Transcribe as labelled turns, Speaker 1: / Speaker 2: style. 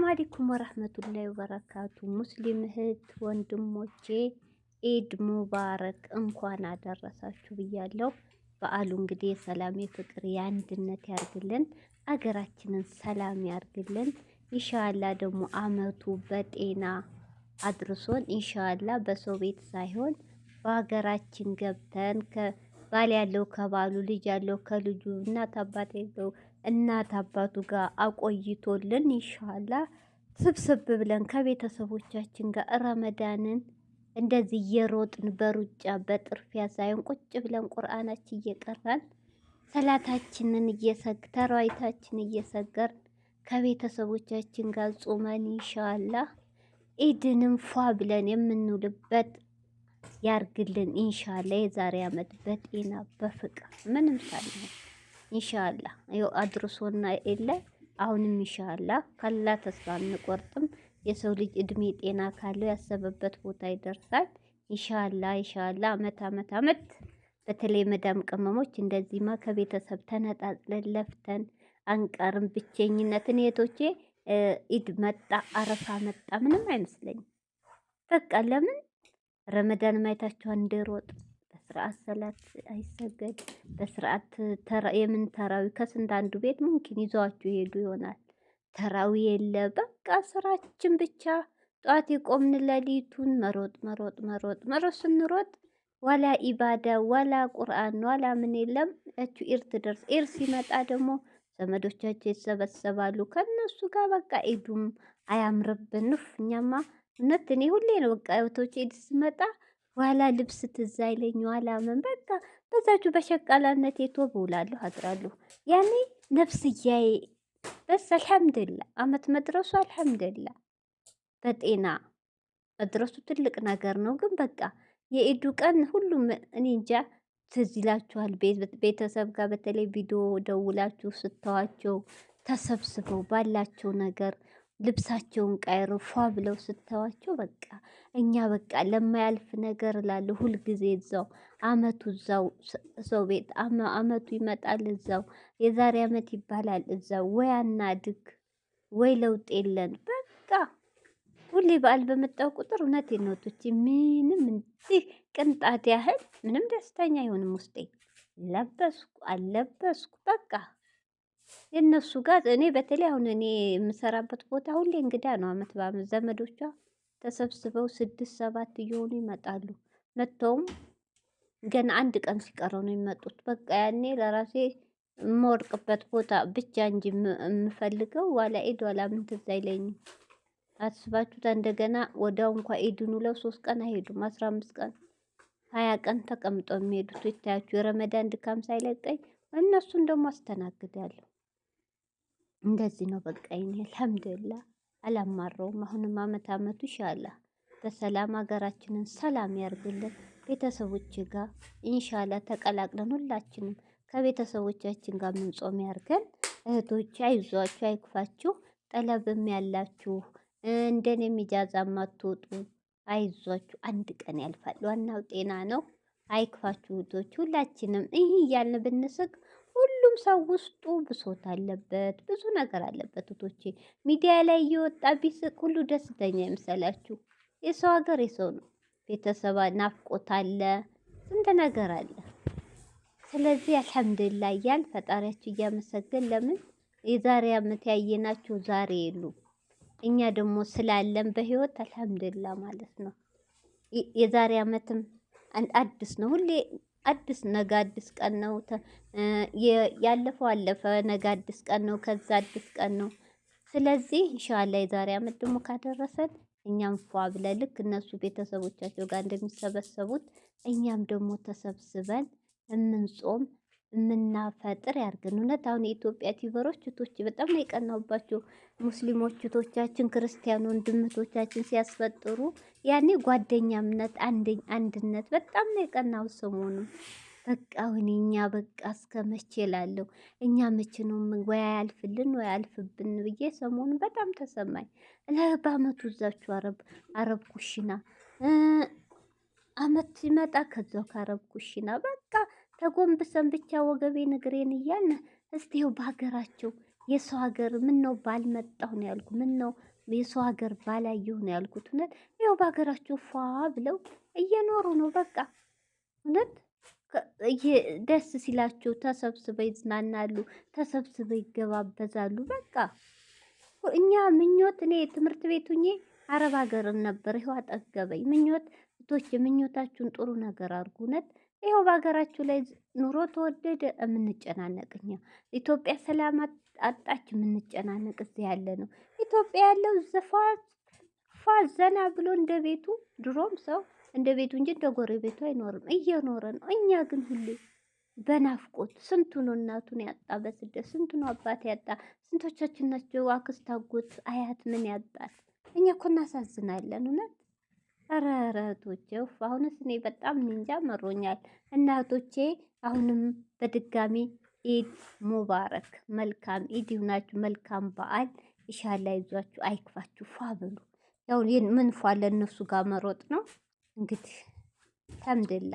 Speaker 1: ሰላም አለይኩም ወራህመቱላሂ ወበረካቱ። ሙስሊም እህት ወንድሞቼ ኢድ ሙባረክ እንኳን አደረሳችሁ ብያለሁ። በዓሉ እንግዲህ የሰላም የፍቅር የአንድነት ያርግልን፣ አገራችንን ሰላም ያርግልን። ኢንሻአላ ደግሞ አመቱ በጤና አድርሶን ኢንሻአላ በሰው ቤት ሳይሆን በሀገራችን ገብተን ባል ያለው ከባሉ ልጅ ያለው ከልጁ እናት አባት ያለው እናት አባቱ ጋር አቆይቶልን ይሻላ ስብስብ ብለን ከቤተሰቦቻችን ጋር ረመዳንን እንደዚህ እየሮጥን በሩጫ በጥርፊያ ሳይሆን ቁጭ ብለን ቁርአናችን እየቀራን ሰላታችንን እየሰግ ተራዊታችን እየሰገርን ከቤተሰቦቻችን ጋር ጾመን ኢንሻአላ ኢድንም ፏ ብለን የምንውልበት ያርግልን ኢንሻአላ። የዛሬ አመት በጤና በፍቅር ምንም ሳይሆን ኢንሻአላ ይኸው አድርሶና የለ አሁንም ኢንሻአላ ካላ ተስፋ አንቆርጥም። የሰው ልጅ እድሜ ጤና ካለው ያሰበበት ቦታ ይደርሳል። ኢንሻአላ ኢንሻአላ አመት አመት አመት በተለይ መዳም ቅመሞች እንደዚህማ ከቤተሰብ ተነጣጥለን ለፍተን አንቀርም። ብቸኝነትን የቶቼ ኢድ መጣ አረፋ መጣ ምንም አይመስለኝም። በቃ ለምን ረመዳን ማየታቸው እንደሮጥ በስርዓት ሰላት አይሰገድ በስርዓት የምን ተራዊ ከስንት አንዱ ቤት ምንኪን ይዘዋችሁ ይሄዱ ይሆናል። ተራዊ የለ በቃ ስራችን ብቻ ጠዋት የቆምን ለሊቱን መሮጥ መሮጥ መሮጥ መሮጥ ስንሮጥ ዋላ ኢባዳ ዋላ ቁርአን ዋላ ምን የለም። እቹ ኢር ትደርስ ኢር ሲመጣ ደግሞ ዘመዶቻቸው ይሰበሰባሉ። ከነሱ ጋር በቃ ኢዱም አያምርብን። እኛማ እውነት እኔ ሁሌ ነው በቃ ወቶች ኢድ ሲመጣ ዋላ ልብስ ትዝ አይለኝ ዋላ ምን በቃ በዛችሁ በሸቃላነት የተወብ ውላለሁ አድራለሁ። ያኔ ነፍስያዬ በስ አልሐምድላ አመት መድረሱ አልሐምድላ በጤና መድረሱ ትልቅ ነገር ነው። ግን በቃ የኢዱ ቀን ሁሉም እኔ እንጃ ትዝ ይላችኋል። ቤተሰብ ጋር በተለይ ቪዲዮ ደውላችሁ ስተዋቸው ተሰብስበው ባላቸው ነገር ልብሳቸውን ቀይሮ ፏ ብለው ስተዋቸው በቃ እኛ በቃ ለማያልፍ ነገር ላለ ሁልጊዜ እዛው አመቱ እዛው ሰው ቤት አመቱ ይመጣል እዛው የዛሬ አመት ይባላል እዛው ወይ አናድግ ወይ ለውጥ የለን በቃ ሁሌ በዓል በመጣው ቁጥር እውነት ነቶች ምንም እንዲህ ቅንጣት ያህል ምንም ደስተኛ አይሆንም ውስጤ። ለበስኩ አለበስኩ በቃ የነሱ ጋር እኔ በተለይ አሁን እኔ የምሰራበት ቦታ ሁሌ እንግዳ ነው። አመት በአመት ዘመዶቿ ተሰብስበው ስድስት ሰባት እየሆኑ ይመጣሉ። መጥተውም ገና አንድ ቀን ሲቀረው ነው የሚመጡት። በቃ ያኔ ለራሴ የምወድቅበት ቦታ ብቻ እንጂ የምፈልገው ዋላ ኢድ ዋላ ምን ትዝ አይለኝም። አስባችሁታ እንደገና ወዲያው እንኳ ኢድን ውለው ሶስት ቀን አይሄዱም። አስራ አምስት ቀን ሀያ ቀን ተቀምጠው የሚሄዱት ይታያችሁ። የረመዳን ድካም ሳይለቀኝ እነሱን ደግሞ አስተናግዳለሁ። እንደዚህ ነው በቃ ይኔ አልሐምዱሊላ አላማረውም። አሁንም አመት አመቱ ኢንሻአላ በሰላም ሀገራችንን ሰላም ያርግልን። ቤተሰቦች ጋር ኢንሻአላ ተቀላቅለን ሁላችንም ከቤተሰቦቻችን ጋር ምንጾም ያርገን። እህቶች አይዟችሁ፣ አይክፋችሁ። ጠለብም ያላችሁ እንደኔ ሚጃዛ ማትወጡ አይዟችሁ፣ አንድ ቀን ያልፋል። ዋናው ጤና ነው። አይክፋችሁ ውዶች፣ ሁላችንም ይህ እያልን ብንስቅ ሁሉም ሰው ውስጡ ብሶት አለበት፣ ብዙ ነገር አለበት። ውዶቼ ሚዲያ ላይ እየወጣ ቢስቅ ሁሉ ደስተኛ ይምሰላችሁ። የሰው ሀገር የሰው ነው። ቤተሰብ ናፍቆት አለ፣ ስንት ነገር አለ። ስለዚህ አልሐምዱሊላ እያል ፈጣሪያችሁ እያመሰገን ለምን የዛሬ አመት ያየናቸው ዛሬ የሉ እኛ ደግሞ ስላለን በህይወት አልሐምዱሊላ ማለት ነው። የዛሬ አመትም አዲስ ነው ሁሌ አዲስ ነገ አዲስ ቀን ነው። ያለፈው አለፈ፣ ነገ አዲስ ቀን ነው። ከዛ አዲስ ቀን ነው። ስለዚህ ኢንሻአላ የዛሬ አመት ደግሞ ካደረሰን እኛም ፏ ብለን ልክ እነሱ ቤተሰቦቻቸው ጋር እንደሚሰበሰቡት እኛም ደግሞ ተሰብስበን እምንጾም የምናፈጥር ያርገን። እውነት አሁን የኢትዮጵያ ቲቨሮች እህቶች በጣም ነው የቀናውባቸው። ሙስሊሞች እህቶቻችን፣ ክርስቲያን ወንድምቶቻችን ሲያስፈጥሩ ያኔ ጓደኛምነት፣ አንድነት በጣም ነው የቀናው ሰሞኑ። በቃ አሁን እኛ በቃ እስከ መቼ ላለሁ እኛ መቼ ነው ወይ አያልፍልን ወይ አያልፍብን ብዬ ሰሞኑ በጣም ተሰማኝ። በአመቱ እዛችሁ አረብ አረብ ኩሽና አመት ሲመጣ ከዛው ከአረብ ኩሽና በቃ ተጎንብሰን ብቻ ወገቤ ንግሬን እያልን እስቲው በሀገራቸው የሰው ሀገር ምን ነው ባልመጣሁ ነው ያልኩ። ምን ነው የሰው ሀገር ባላየሁ ነው ያልኩት። እውነት ይኸው በሀገራቸው ፏ ብለው እየኖሩ ነው። በቃ እውነት ደስ ሲላቸው ተሰብስበው ይዝናናሉ፣ ተሰብስበው ይገባበዛሉ። በቃ እኛ ምኞት እኔ ትምህርት ቤቱኜ አረብ ሀገርን ነበር። ይኸው አጠገበኝ ምኞት እህቶች የምኞታችሁን ጥሩ ነገር አድርጉ። እውነት ይኸው በሀገራችሁ ላይ ኑሮ ተወደደ የምንጨናነቅ እኛ፣ ኢትዮጵያ ሰላም አጣች የምንጨናነቅ እዚህ ያለ ነው። ኢትዮጵያ ያለው ዘፋ ዘና ብሎ እንደ ቤቱ ድሮም ሰው እንደ ቤቱ እንጂ እንደ ጎረቤቱ አይኖርም፣ እየኖረ ነው። እኛ ግን ሁሌ በናፍቆት ስንቱ ነው እናቱን ያጣ በስደት ስንቱ ነው አባት ያጣ፣ ስንቶቻችን ናቸው አክስት፣ አጎት፣ አያት ምን ያጣል። እኛ እኮ እናሳዝናለን እውነት ኧረ እህቶቼ ውፍ አሁንስ እኔ በጣም እንጃ መሮኛል። እናቶቼ አሁንም በድጋሚ ኢድ ሙባረክ፣ መልካም ኢድ ይሁናችሁ፣ መልካም በዓል ኢሻላ ይዟችሁ አይክፋችሁ፣ ፏ ብሉ። ያው ምን ፏ ለእነሱ ጋር መሮጥ ነው እንግዲህ ተምድላ